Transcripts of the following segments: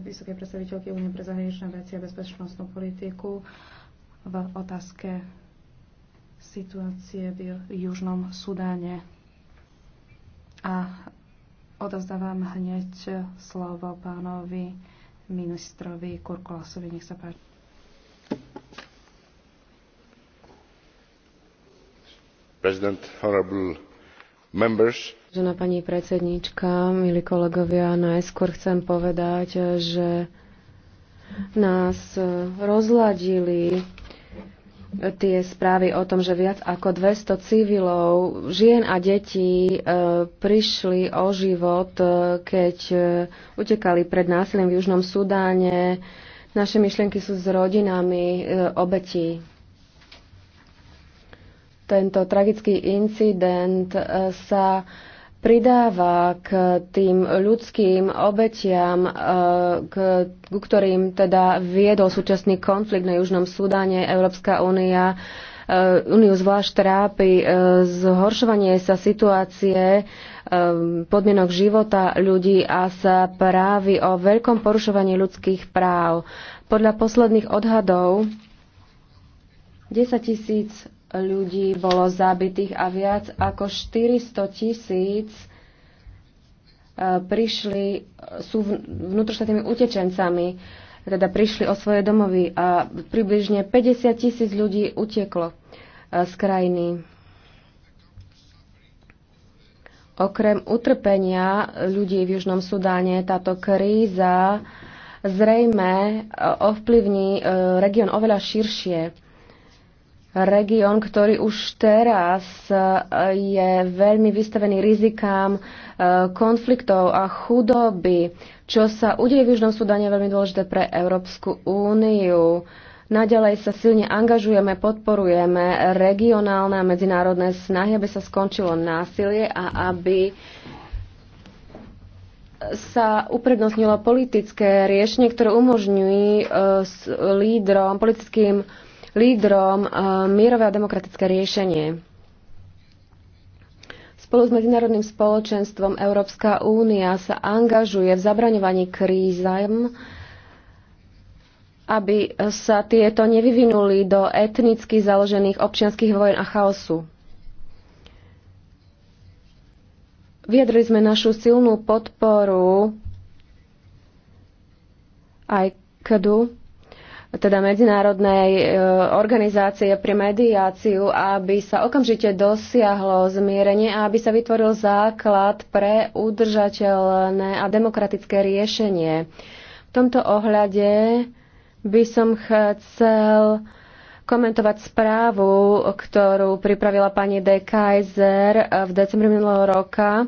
vysokej predstaviteľky Únie pre zahraničné veci a bezpečnostnú politiku v otázke situácie v Južnom Sudáne. A odozdávam hneď slovo pánovi ministrovi Kurkulasovi. Nech sa páči. President, honorable pani predsedníčka, milí kolegovia, najskôr chcem povedať, že nás rozladili tie správy o tom, že viac ako 200 civilov, žien a detí e, prišli o život, e, keď e, utekali pred násilím v Južnom Sudáne. Naše myšlienky sú s rodinami obetí tento tragický incident e, sa pridáva k tým ľudským obetiam, e, k, k ktorým teda viedol súčasný konflikt na Južnom Sudáne. Európska únia e, Úniu zvlášť trápi zhoršovanie sa situácie podmienok života ľudí a sa právi o veľkom porušovaní ľudských práv. Podľa posledných odhadov 10 tisíc ľudí bolo zabitých a viac ako 400 tisíc e, prišli, sú vnútroštátnymi utečencami, teda prišli o svoje domovy a približne 50 tisíc ľudí utieklo e, z krajiny. Okrem utrpenia ľudí v Južnom Sudáne táto kríza zrejme e, ovplyvní región oveľa širšie región, ktorý už teraz eh, je veľmi vystavený rizikám eh, konfliktov a chudoby, čo sa udeje v Južnom Sudáne je veľmi dôležité pre Európsku úniu. Naďalej sa silne angažujeme, podporujeme regionálne a medzinárodné snahy, aby sa skončilo násilie a aby sa uprednostnilo politické riešenie, ktoré umožňují eh, lídrom, politickým lídrom eh, mierové a demokratické riešenie. Spolu s medzinárodným spoločenstvom Európska únia sa angažuje v zabraňovaní krízam, aby sa tieto nevyvinuli do etnicky založených občianských vojen a chaosu. Viedli sme našu silnú podporu aj KDU teda medzinárodnej e, organizácie pre mediáciu, aby sa okamžite dosiahlo zmierenie a aby sa vytvoril základ pre udržateľné a demokratické riešenie. V tomto ohľade by som chcel komentovať správu, ktorú pripravila pani De Kaiser v decembri minulého roka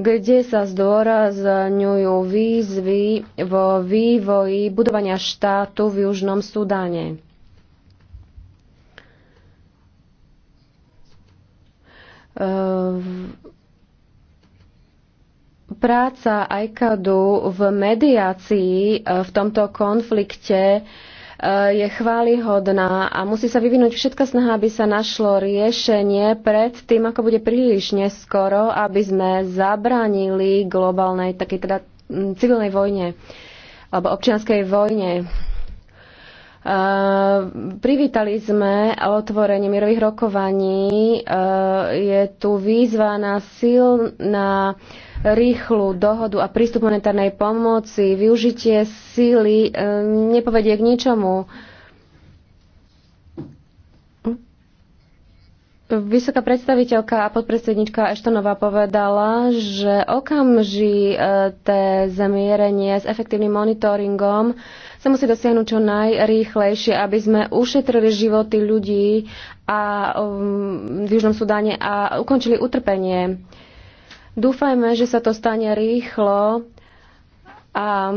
kde sa zdôrazňujú výzvy vo vývoji budovania štátu v Južnom Sudáne. Ehm, práca ICADu v mediácii eh, v tomto konflikte Eh, je chválihodná a musí sa vyvinúť všetka snaha, aby sa našlo riešenie pred tým, ako bude príliš neskoro, aby sme zabránili globálnej, také teda mm, civilnej vojne alebo občianskej vojne. Eh, privítali sme otvorenie mierových rokovaní. Eh, je tu výzva na sil, na rýchlu dohodu a prístup monetárnej pomoci. Využitie síly eh, nepovedie k ničomu. Vysoká predstaviteľka a podpredsednička Eštonová povedala, že té zamierenie s efektívnym monitoringom sa musí dosiahnuť čo najrýchlejšie, aby sme ušetrili životy ľudí a, um, v Južnom Sudáne a ukončili utrpenie. Dúfajme, že sa to stane rýchlo a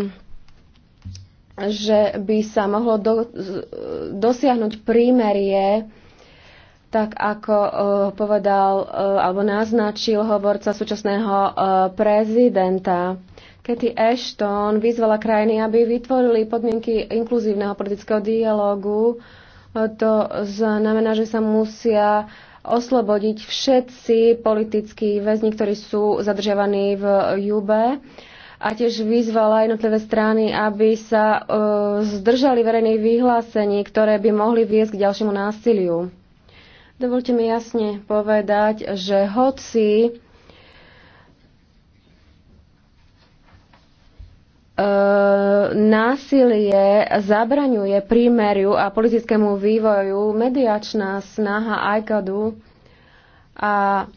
že by sa mohlo do, dosiahnuť prímerie tak ako uh, povedal uh, alebo naznačil hovorca súčasného uh, prezidenta. Kathy Ashton vyzvala krajiny, aby vytvorili podmienky inkluzívneho politického dialógu. To znamená, že sa musia oslobodiť všetci politickí väzni, ktorí sú zadržiavaní v Jube a tiež vyzvala jednotlivé strany, aby sa e, zdržali verejných vyhlásení, ktoré by mohli viesť k ďalšiemu násiliu. Dovolte mi jasne povedať, že hoci E, násilie zabraňuje prímeriu a politickému vývoju mediačná snaha ICADu a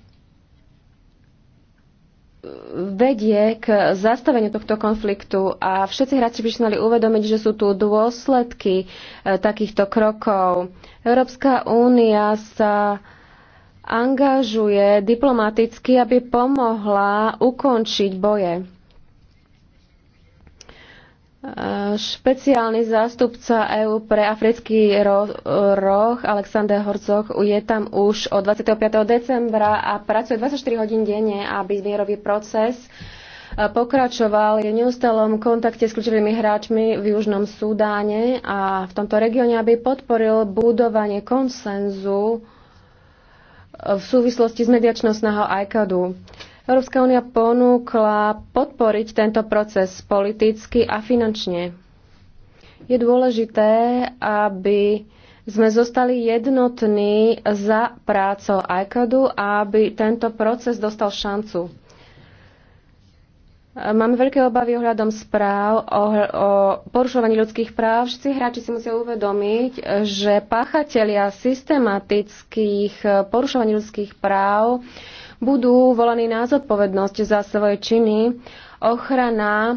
vedie k zastaveniu tohto konfliktu a všetci hráči by mali uvedomiť, že sú tu dôsledky e, takýchto krokov. Európska únia sa angažuje diplomaticky, aby pomohla ukončiť boje Špeciálny zástupca EÚ pre africký roh Alexander Horcoch je tam už od 25. decembra a pracuje 24 hodín denne, aby mierový proces e, pokračoval. Je v neustálom kontakte s kľúčovými hráčmi v Južnom Súdáne a v tomto regióne, aby podporil budovanie konsenzu e, v súvislosti s mediačnou snahou ICADu. Európska únia ponúkla podporiť tento proces politicky a finančne. Je dôležité, aby sme zostali jednotní za prácou ICADu a aby tento proces dostal šancu. Mám veľké obavy ohľadom správ o, o porušovaní ľudských práv. Všetci hráči si musia uvedomiť, že páchatelia systematických porušovaní ľudských práv budú volení na zodpovednosť za svoje činy. Ochrana eh,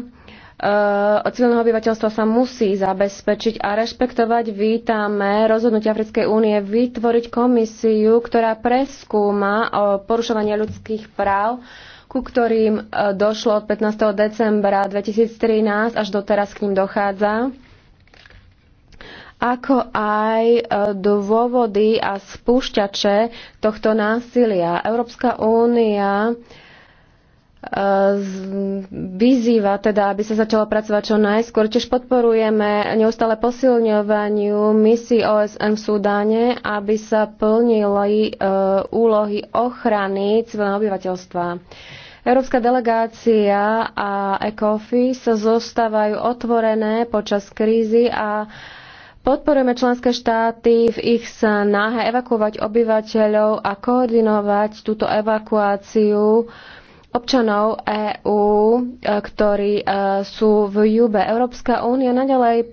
od civilného obyvateľstva sa musí zabezpečiť a rešpektovať. Vítame rozhodnutie Africkej únie vytvoriť komisiu, ktorá preskúma eh, porušovanie ľudských práv, ku ktorým eh, došlo od 15. decembra 2013 až doteraz k ním dochádza ako aj e, dôvody a spúšťače tohto násilia. Európska únia e, vyzýva teda, aby sa začalo pracovať čo najskôr. Tiež podporujeme neustále posilňovaniu misií OSN v Súdane, aby sa plnili e, úlohy ochrany civilného obyvateľstva. Európska delegácia a ECOFI sa zostávajú otvorené počas krízy a Podporujeme členské štáty v ich snahe evakuovať obyvateľov a koordinovať túto evakuáciu občanov EÚ, e, ktorí e, sú v Jube. Európska únia naďalej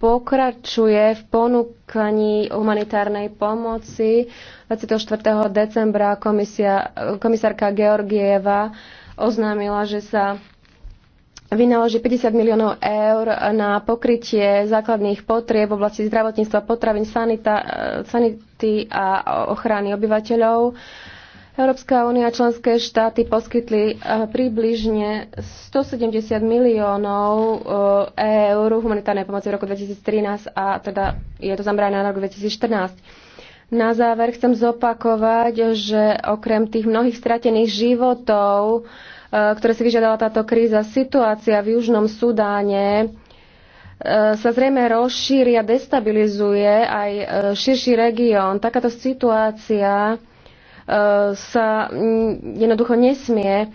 pokračuje v ponúkaní humanitárnej pomoci. 24. decembra komisia, e, komisárka Georgieva oznámila, že sa vynaloží 50 miliónov eur na pokrytie základných potrieb v oblasti zdravotníctva, potravín, sanita, sanity a ochrany obyvateľov. Európska únia a členské štáty poskytli eh, približne 170 miliónov eh, eur humanitárnej pomoci v roku 2013 a teda je to zamerané na rok 2014. Na záver chcem zopakovať, že okrem tých mnohých stratených životov Eh, ktoré si vyžiadala táto kríza. Situácia v Južnom Sudáne eh, sa zrejme rozšíri a destabilizuje aj eh, širší región. Takáto situácia sa mm, jednoducho nesmie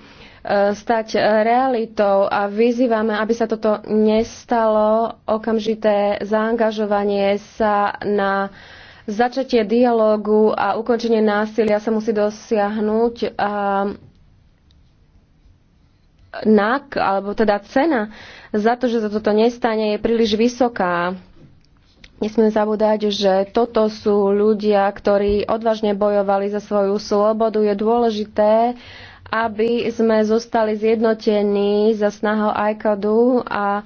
stať realitou a vyzývame, aby sa toto nestalo. Okamžité zaangažovanie sa na začatie dialógu a ukončenie násilia sa musí dosiahnuť. A nak, alebo teda cena za to, že sa toto nestane, je príliš vysoká. Nesmieme zabúdať, že toto sú ľudia, ktorí odvážne bojovali za svoju slobodu. Je dôležité, aby sme zostali zjednotení za snahou ICADu a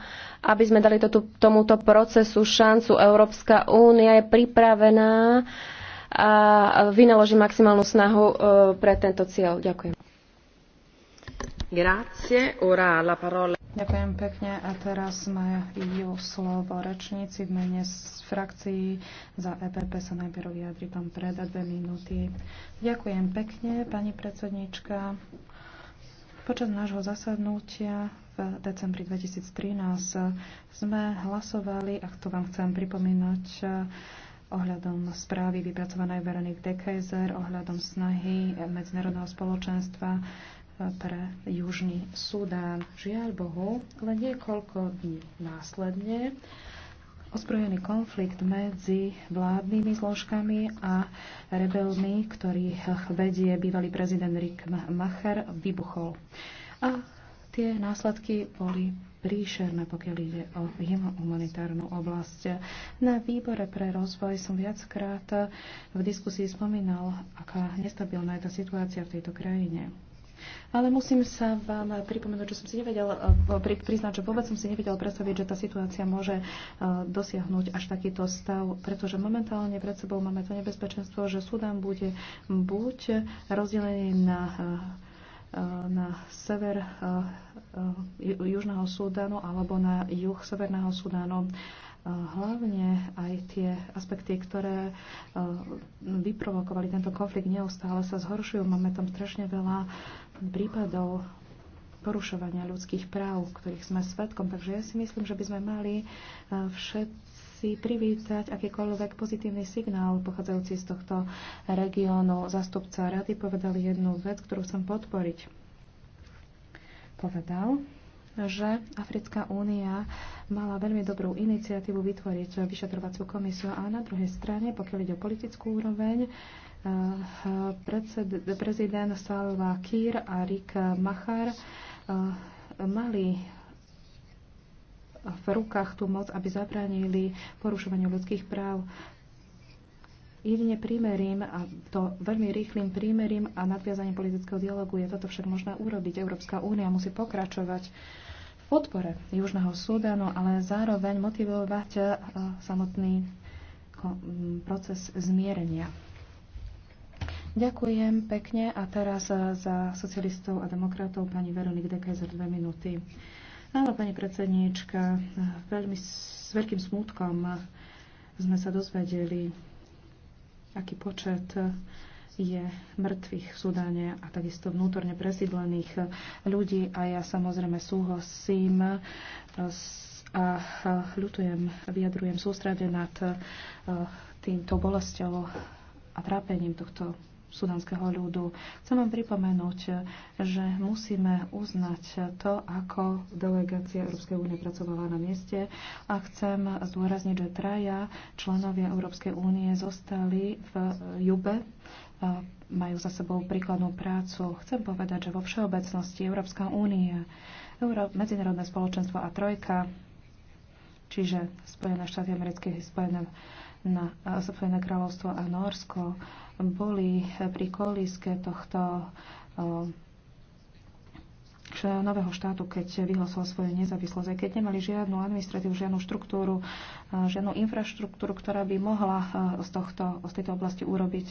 aby sme dali toto, tomuto procesu šancu. Európska únia je pripravená a vynaloží maximálnu snahu e, pre tento cieľ. Ďakujem. Ďakujem pekne a teraz majú slovo rečníci v mene z frakcií. Za EPP sa najprv vyjadri pán Preda, dve minúty. Ďakujem pekne, pani predsednička. Počas nášho zasadnutia v decembri 2013 sme hlasovali, a to vám chcem pripomínať, ohľadom správy vypracovanej Veronik de ohľadom snahy medzinárodného spoločenstva pre Južný Sudán. Žiaľ Bohu, len niekoľko dní následne ozbrojený konflikt medzi vládnymi zložkami a rebelmi, ktorý vedie bývalý prezident Rick Macher, vybuchol. A tie následky boli príšerné, pokiaľ ide o jeho humanitárnu oblasť. Na výbore pre rozvoj som viackrát v diskusii spomínal, aká nestabilná je tá situácia v tejto krajine. Ale musím sa vám pripomenúť, že som si nevedel, eh, pri, priznať, že vôbec som si nevedel predstaviť, že tá situácia môže eh, dosiahnuť až takýto stav, pretože momentálne pred sebou máme to nebezpečenstvo, že Sudán bude buď rozdelený na eh, na sever Južného Sudánu alebo na juh Severného Sudánu hlavne aj tie aspekty, ktoré vyprovokovali tento konflikt, neustále sa zhoršujú. Máme tam strašne veľa prípadov porušovania ľudských práv, ktorých sme svetkom. Takže ja si myslím, že by sme mali e, všetci privítať akýkoľvek pozitívny signál pochádzajúci z tohto regiónu. Zastupca rady povedal jednu vec, ktorú chcem podporiť. Povedal, že Africká únia mala veľmi dobrú iniciatívu vytvoriť vyšetrovaciu komisiu a na druhej strane, pokiaľ ide o politickú úroveň, Eh, prezident Salva Kiir a Rik Machar eh, mali v rukách tú moc, aby zabránili porušovaniu ľudských práv. Jedine prímerím, a to veľmi rýchlým prímerím a nadviazaním politického dialogu je toto však možné urobiť. Európska únia musí pokračovať v podpore Južného Súdanu, ale zároveň motivovať eh, samotný proces zmierenia. Ďakujem pekne a teraz eh, za socialistov a demokratov pani Veronik za dve minúty. Áno, pani predsedníčka, eh, veľmi, s veľkým smutkom eh, sme sa dozvedeli, aký počet je mŕtvych v Sudáne a takisto vnútorne presídlených ľudí. A ja samozrejme súhlasím s, a ľutujem, vyjadrujem sústrede nad týmto bolesťou a trápením tohto sudanského ľudu. Chcem vám pripomenúť, že musíme uznať to, ako delegácia Európskej únie pracovala na mieste a chcem zdôrazniť, že traja členovia Európskej únie zostali v Jube majú za sebou príkladnú prácu. Chcem povedať, že vo všeobecnosti Európska únia, Euró- medzinárodné spoločenstvo a trojka, čiže Spojené štáty americké, Spojené na Spojené kráľovstvo a Norsko boli pri kolíske tohto eh, nového štátu, keď vyhlasoval svoju nezávislosť, aj keď nemali žiadnu administratívu, žiadnu štruktúru, eh, žiadnu infraštruktúru, ktorá by mohla eh, z, tohto, z tejto oblasti urobiť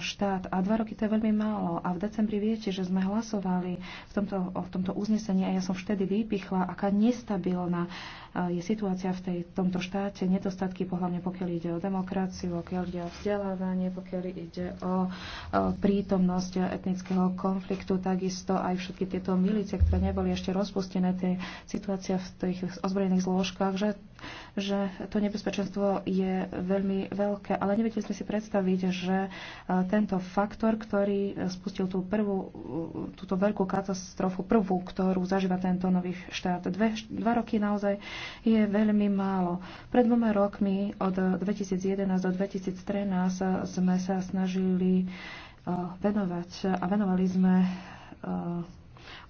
štát. A dva roky to je veľmi málo. A v decembri viete, že sme hlasovali v tomto, v tomto uznesení a ja som vtedy vypichla, aká nestabilná je situácia v tej, tomto štáte, nedostatky, pohľavne pokiaľ ide o demokraciu, pokiaľ ide o vzdelávanie, pokiaľ ide o prítomnosť etnického konfliktu, takisto aj všetky tieto milície, ktoré neboli ešte rozpustené, tie situácia v tých ozbrojených zložkách, že že to nebezpečenstvo je veľmi veľké, ale nevedeli sme si predstaviť, že e, tento faktor, ktorý e, spustil tú prvú, e, túto veľkú katastrofu, prvú, ktorú zažíva tento nový štát, dve, dva roky naozaj je veľmi málo. Pred dvoma rokmi od 2011 do 2013 sme sa snažili venovať a venovali sme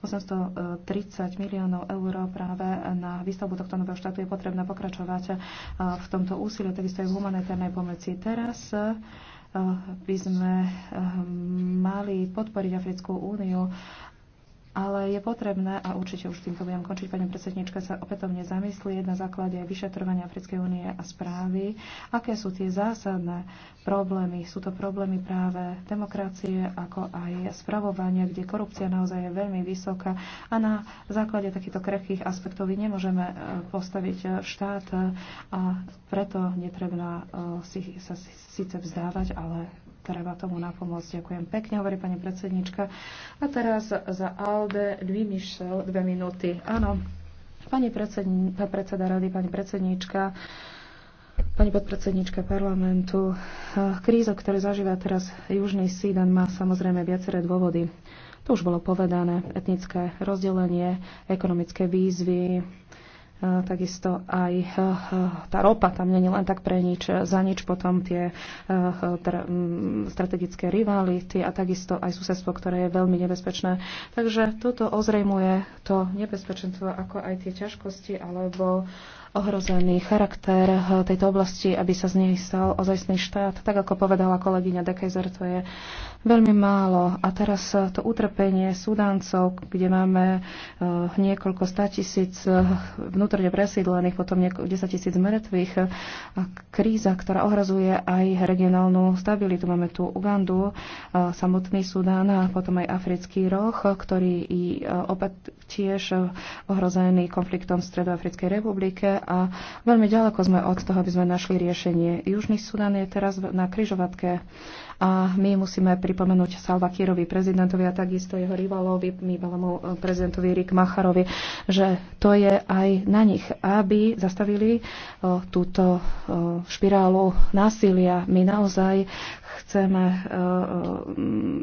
830 miliónov eur práve na výstavbu tohto nového štátu je potrebné pokračovať eh, v tomto úsilí, takisto aj v humanitárnej pomoci. Teraz eh, by sme eh, mali podporiť Africkú úniu ale je potrebné, a určite už týmto budem končiť, pani predsednička sa opätovne zamyslieť na základe vyšetrovania Africkej únie a správy, aké sú tie zásadné problémy. Sú to problémy práve demokracie, ako aj spravovania, kde korupcia naozaj je veľmi vysoká a na základe takýchto krehkých aspektov nemôžeme e, postaviť e, štát e, a preto netrebná si, sa síce vzdávať, ale treba tomu na pomoc. Ďakujem pekne, hovorí pani predsednička. A teraz za Alde dvi Michel, dve minúty. Áno, pani predsedni, predseda rady, pani predsednička, Pani podpredsednička parlamentu, kríza, ktorú zažíva teraz Južný Sídan, má samozrejme viaceré dôvody. To už bolo povedané, etnické rozdelenie, ekonomické výzvy, takisto aj e, e, tá ropa tam nie je len tak pre nič, za nič potom tie e, strategické rivality a takisto aj susedstvo, ktoré je veľmi nebezpečné. Takže toto ozrejmuje to nebezpečenstvo, ako aj tie ťažkosti alebo ohrozený charakter tejto oblasti, aby sa z nej stal ozajstný štát. Tak ako povedala kolegyňa Dekajzer, to je veľmi málo. A teraz e, to utrpenie Sudáncov, kde máme e, niekoľko statisíc e, vnútorne presídlených, potom 10 tisíc mŕtvych, a kríza, ktorá ohrazuje aj regionálnu stabilitu. Máme tu Ugandu, samotný Sudán a potom aj africký roh, ktorý i opäť tiež ohrozený konfliktom v Stredoafrickej republike a veľmi ďaleko sme od toho, aby sme našli riešenie. Južný Sudan je teraz na kryžovatke a my musíme pripomenúť Salva Kirovi prezidentovi a takisto jeho rivalovi, veľmi eh, prezidentovi Rik Macharovi, že to je aj na nich, aby zastavili eh, túto eh, špirálu násilia. My naozaj chceme, e, e,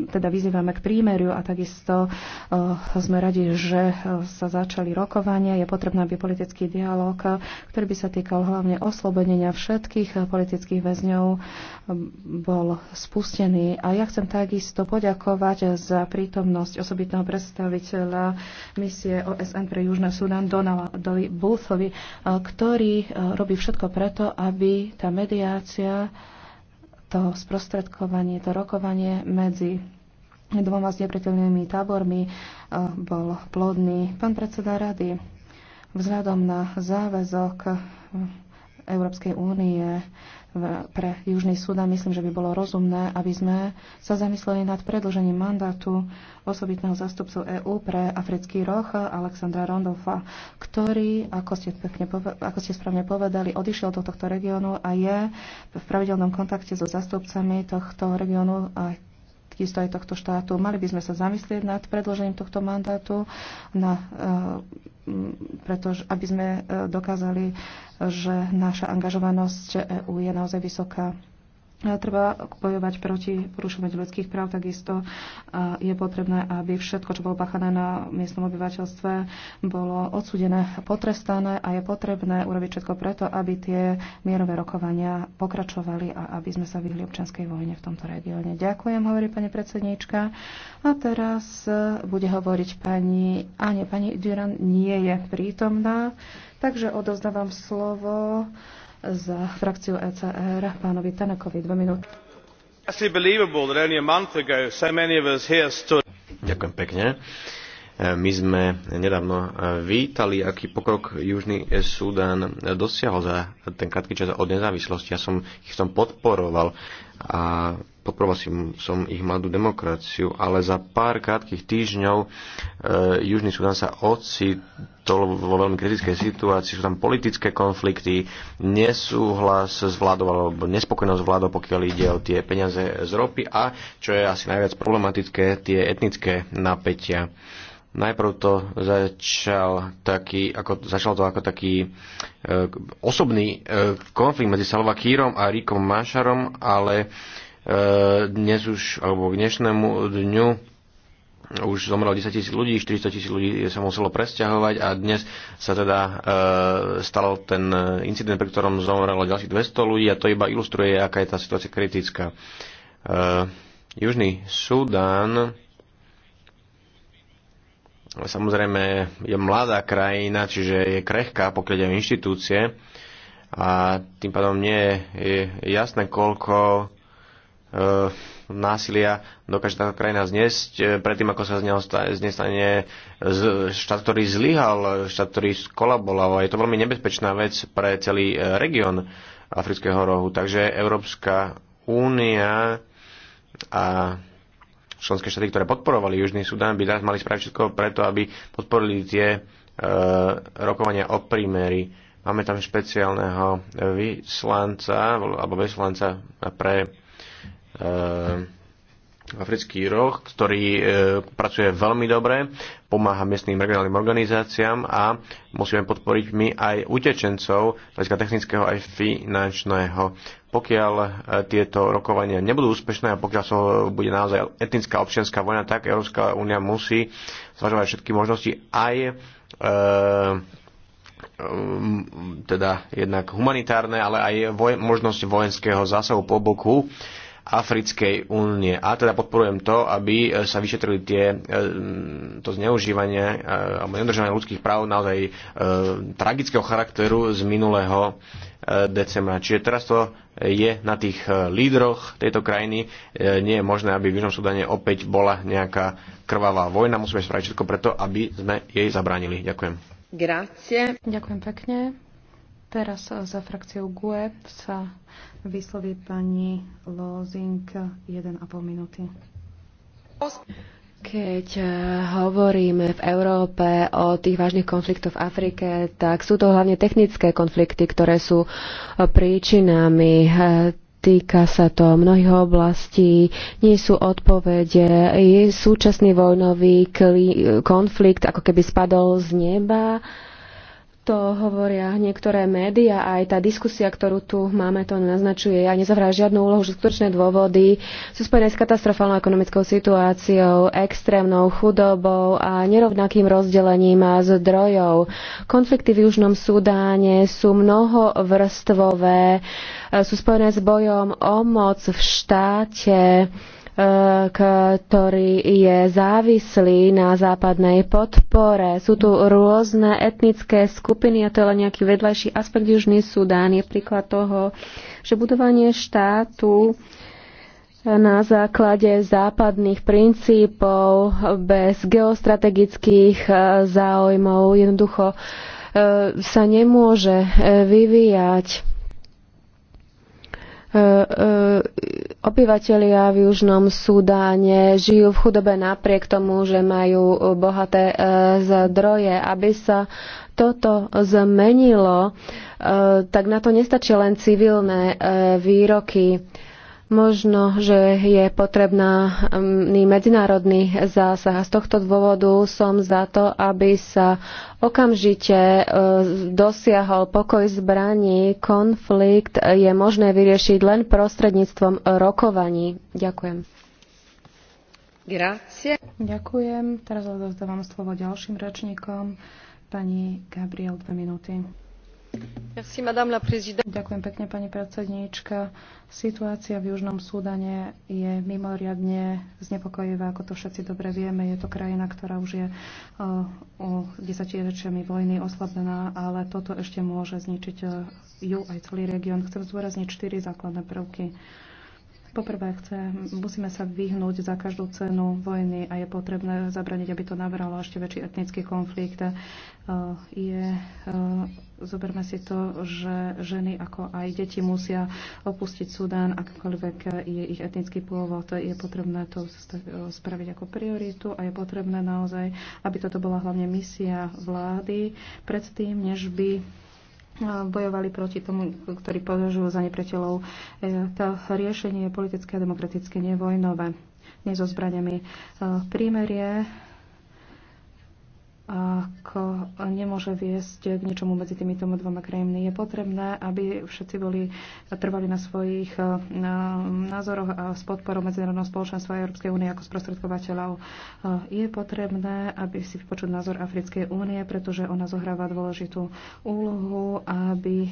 teda vyzývame k prímeriu a takisto e, sme radi, že sa začali rokovania. Je potrebné, aby politický dialog, ktorý by sa týkal hlavne oslobodenia všetkých politických väzňov, bol spustený. A ja chcem takisto poďakovať za prítomnosť osobitného predstaviteľa misie OSN pre Južné Sudan Donaldovi Boothovi, ktorý robí všetko preto, aby tá mediácia to sprostredkovanie, to rokovanie medzi dvoma znepriateľnými tábormi eh, bol plodný. Pán predseda rady, vzhľadom na záväzok eh, Európskej únie pre Južný Sudan, myslím, že by bolo rozumné, aby sme sa zamysleli nad predlžením mandátu osobitného zastupcu EÚ pre africký roh Alexandra Rondolfa, ktorý, ako ste, pekne, ako ste správne povedali, odišiel do tohto regiónu a je v pravidelnom kontakte so zastupcami tohto regiónu aj takisto aj tohto štátu. Mali by sme sa zamyslieť nad predložením tohto mandátu, na, eh, pretože, aby sme eh, dokázali, že naša angažovanosť EÚ je naozaj vysoká treba bojovať proti porušovaniu ľudských práv, takisto je potrebné, aby všetko, čo bolo pachané na miestnom obyvateľstve, bolo odsudené, potrestané a je potrebné urobiť všetko preto, aby tie mierové rokovania pokračovali a aby sme sa vyhli občanskej vojne v tomto regióne. Ďakujem, hovorí pani predsedníčka. A teraz e, bude hovoriť pani... A nie, pani Duran nie je prítomná, takže odozdávam slovo za frakciu ECR pánovi Tanakovi. Dve minúty. Ďakujem pekne. E, my sme nedávno e, vítali, aký pokrok Južný Sudán dosiahol za ten krátky čas od nezávislosti. Ja som ich v tom podporoval a podporoval som, som ich mladú demokraciu, ale za pár krátkých týždňov e, Južný Sudan sa ocitol vo veľmi kritickej situácii. Sú tam politické konflikty, nesúhlas s vládou alebo nespokojnosť s vládou, pokiaľ ide o tie peniaze z ropy a, čo je asi najviac problematické, tie etnické napätia. Najprv to začal taký, ako, začal to ako taký e, osobný e, konflikt medzi Salva Kírom a Rikom Mašarom, ale E, dnes už, alebo k dnešnému dňu už zomrelo 10 tisíc ľudí, 400 tisíc ľudí sa muselo presťahovať a dnes sa teda e, stal ten incident, pri ktorom zomrelo ďalších 200 ľudí a to iba ilustruje, aká je tá situácia kritická. E, Južný Sudán samozrejme je mladá krajina, čiže je krehká, pokiaľ je inštitúcie a tým pádom nie je jasné, koľko Eh, násilia dokáže táto krajina zniesť eh, predtým, ako sa z neho znestane štát, ktorý zlyhal, štát, ktorý skolaboval. Je to veľmi nebezpečná vec pre celý eh, región Afrického rohu. Takže Európska únia a členské štáty, ktoré podporovali Južný Sudán, by teraz mali spraviť všetko preto, aby podporili tie e, rokovania o primery. Máme tam špeciálneho vyslanca, alebo vyslanca pre Ehm, africký roh, ktorý e, pracuje veľmi dobre, pomáha miestnym regionálnym organizáciám a musíme podporiť my aj utečencov, hľadiska technického aj finančného. Pokiaľ e, tieto rokovania nebudú úspešné a pokiaľ so bude naozaj etnická občianská vojna, tak Európska únia musí zvažovať všetky možnosti aj e, teda jednak humanitárne, ale aj voj- možnosť vojenského zásahu po boku Africkej únie. A teda podporujem to, aby e, sa vyšetrili tie, e, to zneužívanie e, alebo nedržanie ľudských práv naozaj tragického charakteru z minulého decembra. Čiže teraz to je na tých lídroch tejto krajiny. nie je možné, aby v Južnom Sudane opäť bola nejaká krvavá vojna. Musíme spraviť všetko preto, aby sme jej zabránili. Ďakujem. Grazie. Ďakujem pekne. Teraz za frakciou GUE sa vysloví pani Lozing 1,5 minúty. Keď eh, hovoríme v Európe o tých vážnych konfliktoch v Afrike, tak sú to hlavne technické konflikty, ktoré sú eh, príčinami eh, týka sa to mnohých oblastí, nie sú odpovede. Je súčasný vojnový konflikt ako keby spadol z neba to hovoria niektoré médiá a aj tá diskusia, ktorú tu máme, to naznačuje a nezavrá žiadnu úlohu, že skutočné dôvody sú spojené s katastrofálnou ekonomickou situáciou, extrémnou chudobou a nerovnakým rozdelením a zdrojov. Konflikty v Južnom Sudáne sú mnohovrstvové, sú spojené s bojom o moc v štáte, ktorý je závislý na západnej podpore. Sú tu rôzne etnické skupiny a to je len nejaký vedľajší aspekt Južný Sudán. Je príklad toho, že budovanie štátu na základe západných princípov bez geostrategických e, záujmov jednoducho e, sa nemôže e, vyvíjať E, e, obyvatelia v Južnom Súdáne žijú v chudobe napriek tomu, že majú bohaté e, zdroje. Aby sa toto zmenilo, tak na to nestačí len civilné výroky Možno, že je potrebná mm, medzinárodný zásah. Z tohto dôvodu som za to, aby sa okamžite e, dosiahol pokoj zbraní. Konflikt je možné vyriešiť len prostredníctvom rokovaní. Ďakujem. Grazie. Ďakujem. Teraz odovzdávam slovo ďalším ročníkom. Pani Gabriel, dve minúty. Ďakujem pekne, pani predsedníčka. Situácia v Južnom Súdane je mimoriadne znepokojivá, ako to všetci dobre vieme. Je to krajina, ktorá už je eh, o desaťročiami vojny oslabená, ale toto ešte môže zničiť eh, ju aj celý región. Chcem zdôrazniť štyri základné prvky. Poprvé, chce, musíme sa vyhnúť za každú cenu vojny a je potrebné zabraniť, aby to nabralo ešte väčší etnický konflikt. E, je, e, zoberme si to, že ženy ako aj deti musia opustiť Sudán, akýkoľvek je ich etnický pôvod. Je potrebné to spraviť ako prioritu a je potrebné naozaj, aby toto bola hlavne misia vlády predtým, než by bojovali proti tomu, ktorí považujú za nepriateľov. E, to riešenie je politické a demokratické, nevojnové, nie so zbraniami. E, Prímerie ako nemôže viesť k ničomu medzi týmito dvoma krajinami. Je potrebné, aby všetci boli trvali na svojich e, názoroch a s podporou medzinárodného spoločenstva a Európskej únie ako sprostredkovateľov. E, je potrebné, aby si vypočul názor Africkej únie, pretože ona zohráva dôležitú úlohu, aby e,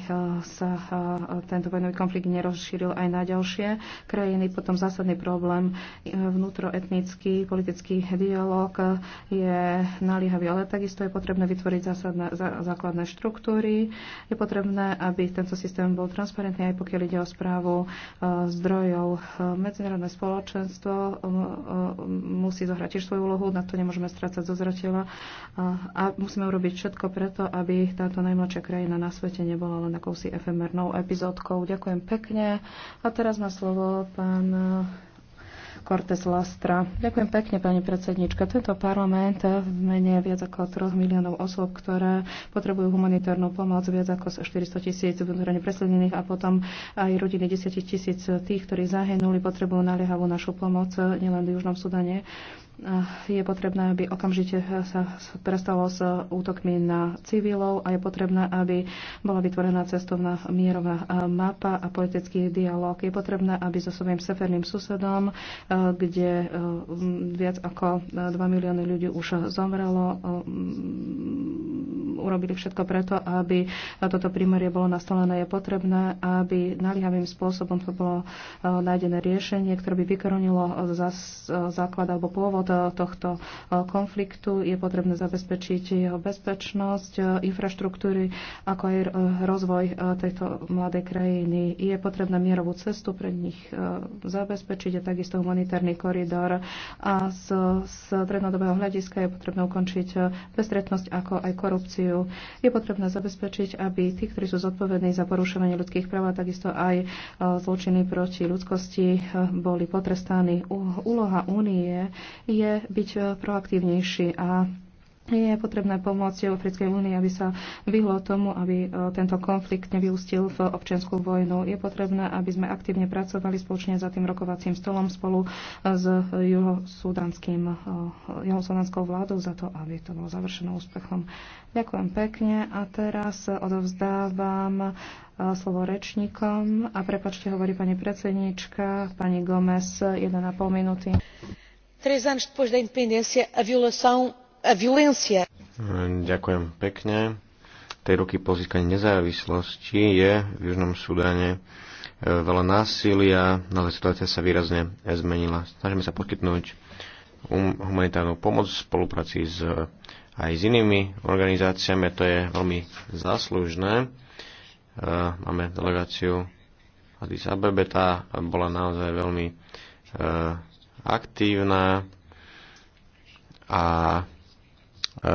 sa tento vojnový konflikt nerozšíril aj na ďalšie krajiny. Potom zásadný problém vnútroetnický politický dialog je naliehavý, ale Takisto je potrebné vytvoriť zásadné, zá, základné štruktúry. Je potrebné, aby tento systém bol transparentný aj pokiaľ ide o správu e, zdrojov. E, medzinárodné spoločenstvo e, musí zohrať tiež svoju úlohu, na to nemôžeme strácať zo zratela a musíme urobiť všetko preto, aby táto najmladšia krajina na svete nebola len akousi efemernou epizódkou. Ďakujem pekne. A teraz má slovo pán Cortes Lastra. Ďakujem pekne, pani predsednička. Tento parlament v mene viac ako 3 miliónov osôb, ktoré potrebujú humanitárnu pomoc, viac ako 400 tisíc vnútorne presledených a potom aj rodiny 10 tisíc tých, ktorí zahynuli, potrebujú naliehavú našu pomoc nielen v Južnom Sudane, je potrebné, aby okamžite sa prestalo s útokmi na civilov a je potrebné, aby bola vytvorená cestovná mierová e, mapa a politický dialog. Je potrebné, aby so svojím seferným susedom, e, kde e, viac ako 2 milióny ľudí už zomrelo, urobili všetko preto, aby toto prímerie bolo nastolené. Je potrebné, aby naliehavým spôsobom to bolo nájdené riešenie, ktoré by vykoronilo základ alebo pôvod od tohto e, konfliktu. Je potrebné zabezpečiť jeho bezpečnosť, e, infraštruktúry, ako aj e, rozvoj tejto mladej krajiny. Je potrebné mierovú cestu pre nich zabezpečiť a takisto humanitárny koridor. A z strednodobého hľadiska je potrebné ukončiť bezstretnosť ako aj korupciu. Je potrebné zabezpečiť, aby tí, ktorí sú zodpovední za porušovanie ľudských práv a takisto aj zločiny proti ľudskosti, boli potrestaní. Úloha únie je byť e, proaktívnejší a je potrebné pomôcť Africkej únii, aby sa vyhlo tomu, aby e, tento konflikt nevyústil v občianskú vojnu. Je potrebné, aby sme aktívne pracovali spoločne za tým rokovacím stolom spolu e, s juhosudanskou vládou za to, aby to bolo završené úspechom. Ďakujem pekne a teraz odovzdávam slovo rečníkom a prepačte, hovorí pani predsednička, pani Gomez, 1,5 minúty três anos depois da independência a violação a violência hm, Ďakujem pekne. Tej roky po získaní nezávislosti je v Južnom Sudáne eh, veľa násilia, no ale situácia sa výrazne zmenila. Snažíme sa poskytnúť humanitárnu pomoc v spolupráci s, eh, aj s inými organizáciami, to je veľmi záslužné. Eh, máme delegáciu Addis Abebe, tá bola naozaj veľmi aktívna a e,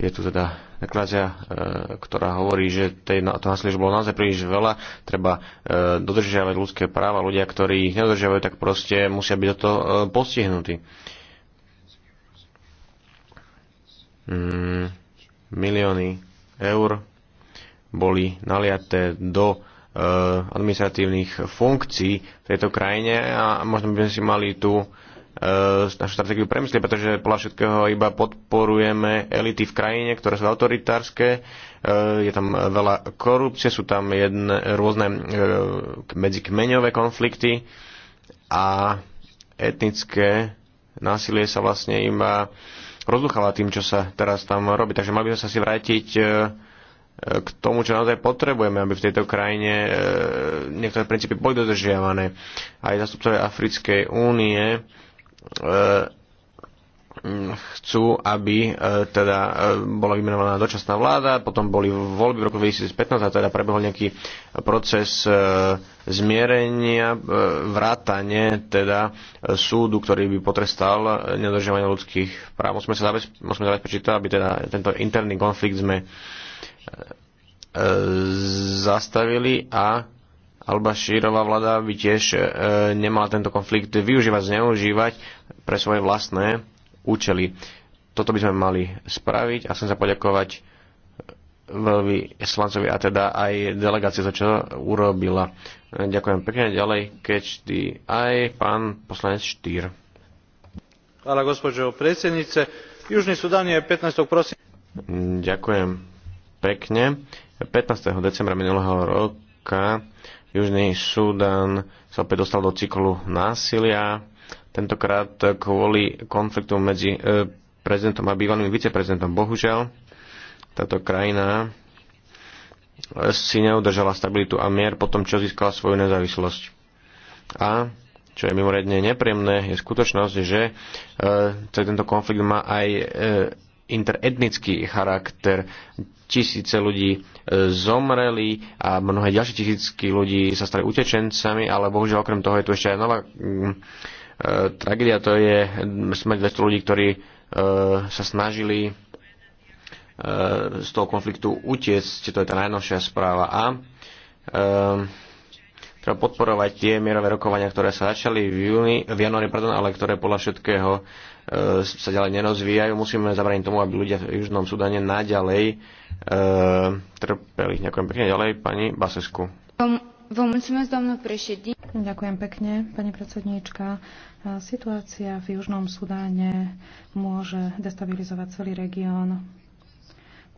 je tu teda deklarácia, e, ktorá hovorí, že tej, to násilie bolo naozaj príliš veľa, treba e, dodržiavať ľudské práva, ľudia, ktorí ich nedodržiavajú, tak proste musia byť do toho postihnutí. Mm, milióny eur boli naliaté do Eh, administratívnych funkcií v tejto krajine a možno by sme si mali tú eh, našu stratégiu premyslieť, pretože podľa všetkého iba podporujeme elity v krajine, ktoré sú autoritárske, eh, je tam veľa korupcie, sú tam jedne, rôzne medzikmeňové konflikty a etnické násilie sa vlastne iba rozducháva tým, čo sa teraz tam robí. Takže mali by sme sa si vrátiť k tomu, čo naozaj potrebujeme, aby v tejto krajine e, niektoré princípy boli dodržiavané. Aj zastupcovia Africkej únie e, chcú, aby e, teda bola vymenovaná dočasná vláda, potom boli voľby v roku 2015 a teda prebehol nejaký proces zmierenia, vrátanie teda súdu, ktorý by potrestal nedodržiavanie ľudských práv. Musíme, sa zabezpečiť to, aby teda tento interný konflikt sme e, zastavili a Albašírova vláda by tiež e, nemala tento konflikt využívať, zneužívať pre svoje vlastné účely. Toto by sme mali spraviť a chcem sa poďakovať veľmi slancovi a teda aj delegácie za čo urobila. Ďakujem pekne. Ďalej, keď ty aj pán poslanec Štýr. Hvala gospođo predsjednice. Južni Sudan je 15. prosinca. Ďakujem pekne. 15. decembra minulého roka Južný Súdan sa opäť dostal do cyklu násilia, tentokrát kvôli konfliktu medzi e, prezidentom a bývalým viceprezidentom. Bohužiaľ, táto krajina e, si neudržala stabilitu a mier po tom, čo získala svoju nezávislosť. A čo je mimoriadne nepríjemné, je skutočnosť, že e, tento konflikt má aj e, interetnický charakter. Tisíce ľudí e, zomreli a mnohé ďalšie tisícky ľudí sa stali utečencami, ale bohužiaľ okrem toho je tu ešte aj nová mm, e, tragédia, to je mm, smrť 200 ľudí, ktorí e, sa snažili z toho konfliktu utiecť, to je tá najnovšia správa. A treba podporovať tie mierové rokovania, ktoré sa začali v, júni, v januári, pardon, ale ktoré podľa všetkého e, sa ďalej nerozvíjajú. Musíme zabrániť tomu, aby ľudia v Južnom Sudane naďalej e, trpeli. Ďakujem pekne. Ďalej pani Basesku. Ďakujem pekne, pani predsedníčka. Situácia v Južnom Sudáne môže destabilizovať celý región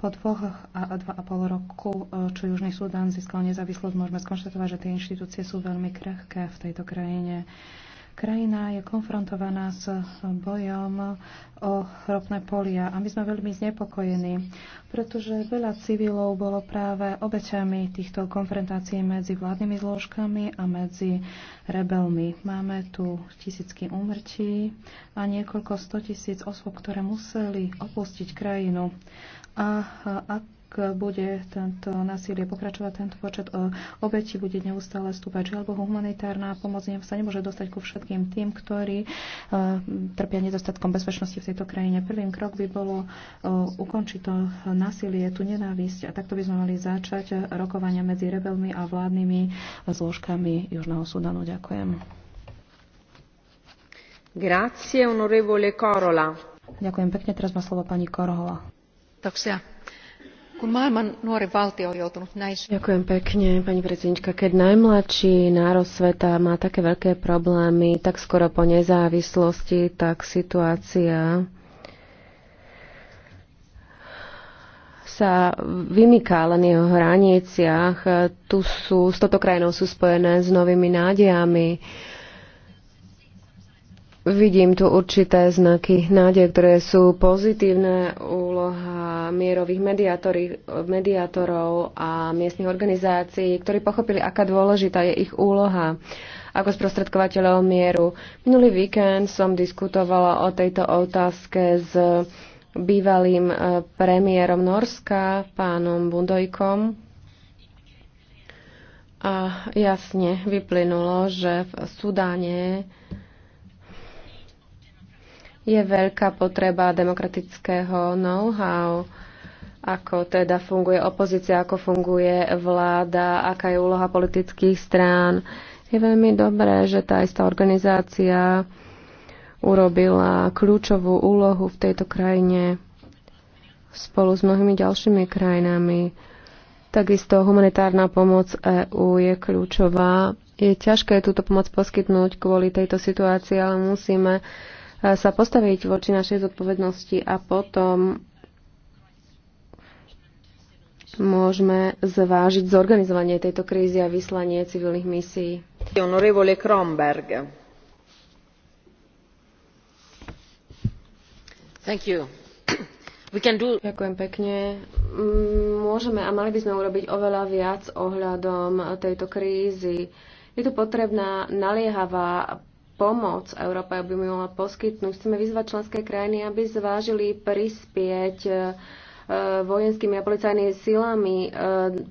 po dvoch a dva a pol roku, eh, čo Južný Sudán získal nezávislosť, môžeme skonštatovať, že tie inštitúcie sú veľmi krehké v tejto krajine. Krajina je konfrontovaná s bojom o ropné polia a my sme veľmi znepokojení, pretože veľa civilov bolo práve obeťami týchto konfrontácií medzi vládnymi zložkami a medzi rebelmi. Máme tu tisícky úmrtí a niekoľko stotisíc osôb, ktoré museli opustiť krajinu. A, a ak bude tento násilie pokračovať, tento počet e, obetí bude neustále stúpať. Žiaľ Bohu, humanitárna pomoc sa nemôže dostať ku všetkým tým, ktorí e, trpia nedostatkom bezpečnosti v tejto krajine. Prvým krok by bolo e, ukončiť to násilie, tú nenávisť a takto by sme mali začať rokovania medzi rebelmi a vládnymi zložkami Južného Sudanu. Ďakujem. Grazie, onorevole Korola. Ďakujem pekne. Teraz má slovo pani Korhola. Tak sa kun maailman nuori valtio on joutunut näin... Ďakujem pekne, pani predsednička. Keď najmladší národ sveta má také veľké problémy, tak skoro po nezávislosti, tak situácia sa vymyká len jeho hraniciach. Tu sú, s toto krajinou sú spojené s novými nádejami Vidím tu určité znaky nádej, ktoré sú pozitívne. Úloha mierových mediátorov a miestnych organizácií, ktorí pochopili, aká dôležitá je ich úloha ako sprostredkovateľov mieru. Minulý víkend som diskutovala o tejto otázke s bývalým e, premiérom Norska, pánom Bundojkom. A jasne vyplynulo, že v Sudáne je veľká potreba demokratického know-how, ako teda funguje opozícia, ako funguje vláda, aká je úloha politických strán. Je veľmi dobré, že tá istá organizácia urobila kľúčovú úlohu v tejto krajine spolu s mnohými ďalšími krajinami. Takisto humanitárna pomoc EÚ je kľúčová. Je ťažké túto pomoc poskytnúť kvôli tejto situácii, ale musíme sa postaviť voči našej zodpovednosti a potom môžeme zvážiť zorganizovanie tejto krízy a vyslanie civilných misií. Honorevole Kromberg. Thank you. We can do... Ďakujem pekne. Mm, môžeme a mali by sme urobiť oveľa viac ohľadom tejto krízy. Je tu potrebná naliehavá pomoc Európa by mohla poskytnúť. Chceme vyzvať členské krajiny, aby zvážili prispieť e, e, vojenskými a policajnými silami e,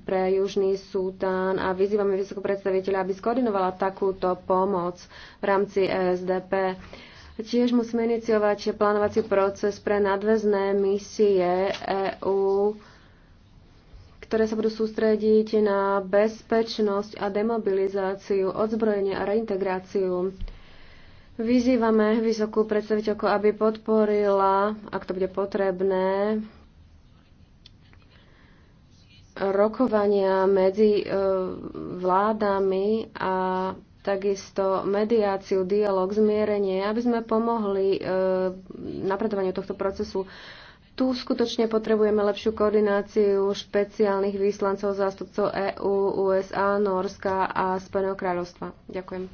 pre Južný Sútán a vyzývame vysokú predstaviteľa, aby skoordinovala takúto pomoc v rámci ESDP. Tiež musíme iniciovať plánovací proces pre nadväzné misie EÚ, ktoré sa budú sústrediť na bezpečnosť a demobilizáciu, odzbrojenie a reintegráciu Vyzývame vysokú predstaviteľku, aby podporila, ak to bude potrebné, rokovania medzi e, vládami a takisto mediáciu, dialog, zmierenie, aby sme pomohli e, napredovaniu tohto procesu. Tu skutočne potrebujeme lepšiu koordináciu špeciálnych výslancov zástupcov EÚ, USA, Norska a Spojeného kráľovstva. Ďakujem.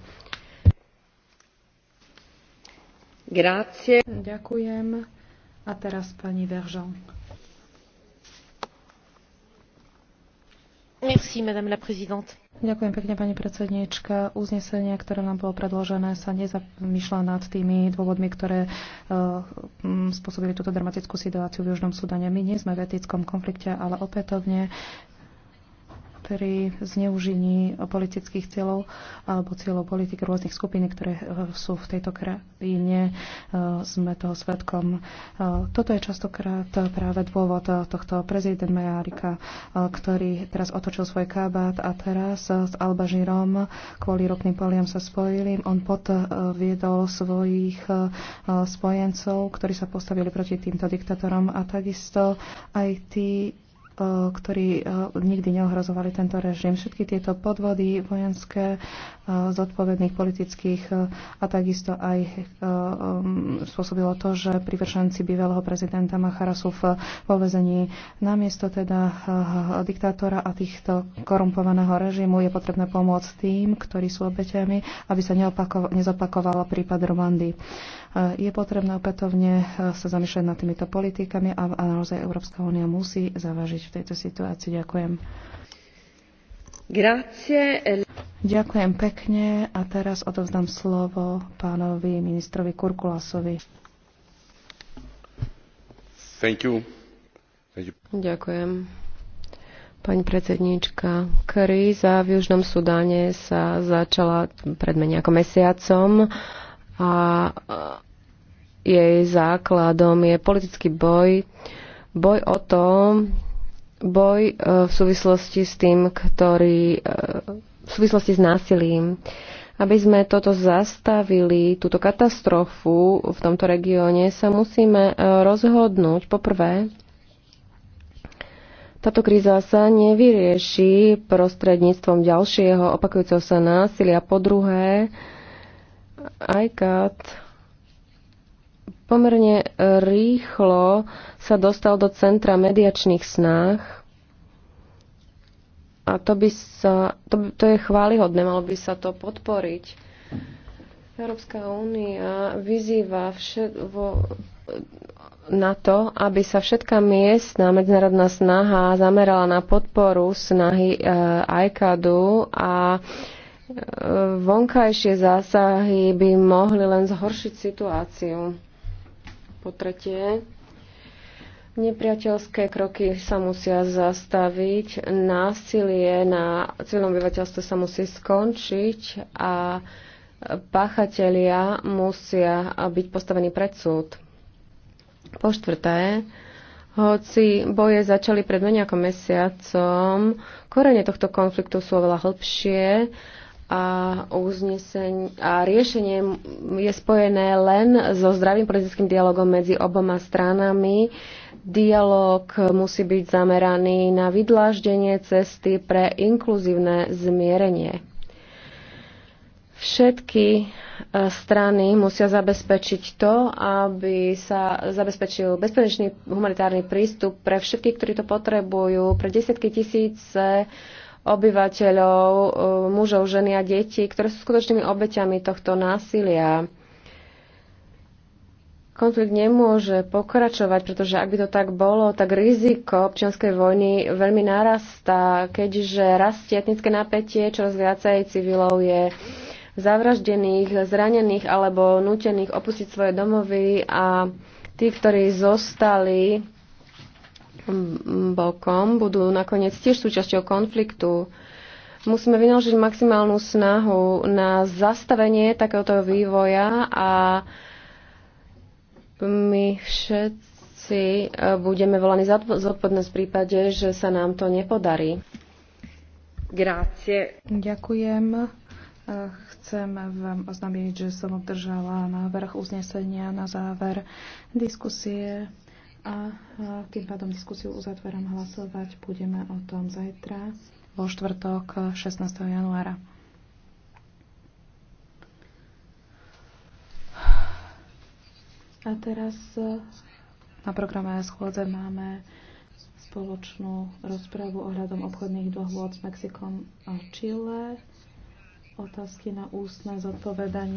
Ďakujem. A teraz pani Veržon. Merci, madame la présidente. Ďakujem pekne, pani predsedníčka. Uznesenie, ktoré nám bolo predložené, sa nezamýšľa nad tými dôvodmi, ktoré uh, spôsobili túto dramatickú situáciu v Južnom Sudane. My nie sme v etickom konflikte, ale opätovne pri zneužení politických cieľov alebo cieľov politik rôznych skupín, ktoré eh, sú v tejto krajine. Eh, sme toho svetkom. Eh, toto je častokrát práve dôvod tohto prezident Majárika, ktorý teraz otočil svoj kabát a teraz s Albažírom kvôli ropným poliam sa spojili. On podviedol svojich spojencov, ktorí sa postavili proti týmto diktátorom a takisto aj tí E, ktorí e, nikdy neohrozovali tento režim. Všetky tieto podvody vojenské, e, zodpovedných politických a takisto aj spôsobilo to, že privrženci bývalého prezidenta Machara sú povezení na Namiesto teda diktátora a týchto korumpovaného režimu je potrebné pomôcť tým, ktorí sú obeťami, aby sa nezopakoval prípad Rwandy. Je potrebné opätovne sa zamýšľať nad týmito politikami a naozaj Európska únia musí zavažiť v tejto situácii. Ďakujem. Grazie. Ďakujem pekne a teraz odovzdám slovo pánovi ministrovi Kurkulasovi. Thank you. Thank you. Ďakujem. Pani predsedníčka, kríza v Južnom Sudáne sa začala pred menej ako mesiacom a jej základom je politický boj, boj o tom boj e, v súvislosti s tým, ktorý e, v súvislosti s násilím. Aby sme toto zastavili, túto katastrofu v tomto regióne, sa musíme e, rozhodnúť. Poprvé, táto kríza sa nevyrieši prostredníctvom ďalšieho opakujúceho sa násilia. Po druhé, kat pomerne e, rýchlo sa dostal do centra mediačných snách a to, by sa, to, to je chválihodné, malo by sa to podporiť. Európska únia vyzýva všet, vo, na to, aby sa všetká miestna medzinárodná snaha zamerala na podporu snahy e, ICADu a e, vonkajšie zásahy by mohli len zhoršiť situáciu. Po tretie, nepriateľské kroky sa musia zastaviť, násilie na civilnom obyvateľstve sa musí skončiť a páchatelia musia byť postavení pred súd. Po štvrté, hoci boje začali pred menej ako mesiacom, korene tohto konfliktu sú oveľa hlbšie a, uznesenie, a riešenie je spojené len so zdravým politickým dialogom medzi oboma stranami. Dialóg musí byť zameraný na vydláždenie cesty pre inkluzívne zmierenie. Všetky e, strany musia zabezpečiť to, aby sa zabezpečil bezpečný humanitárny prístup pre všetkých, ktorí to potrebujú, pre desiatky tisíce obyvateľov, e, mužov, ženy a detí, ktoré sú skutočnými obeťami tohto násilia. Konflikt nemôže pokračovať, pretože ak by to tak bolo, tak riziko občianskej vojny veľmi narastá, keďže rastie etnické napätie, čoraz viacej civilov je zavraždených, zranených alebo nutených opustiť svoje domovy a tí, ktorí zostali, bokom budú nakoniec tiež súčasťou konfliktu. Musíme vynaložiť maximálnu snahu na zastavenie takéhoto vývoja a my všetci e, budeme volaní zodpovednosť v prípade, že sa nám to nepodarí. Grácie. Ďakujem. E, chcem vám oznámiť, že som obdržala návrh uznesenia na záver diskusie. A tým pádom diskusiu uzatváram hlasovať. Budeme o tom zajtra vo štvrtok 16. januára. A teraz e, na programe schôdze máme spoločnú rozpravu ohľadom obchodných dohôd s Mexikom a Chile, otázky na ústne zodpovedanie.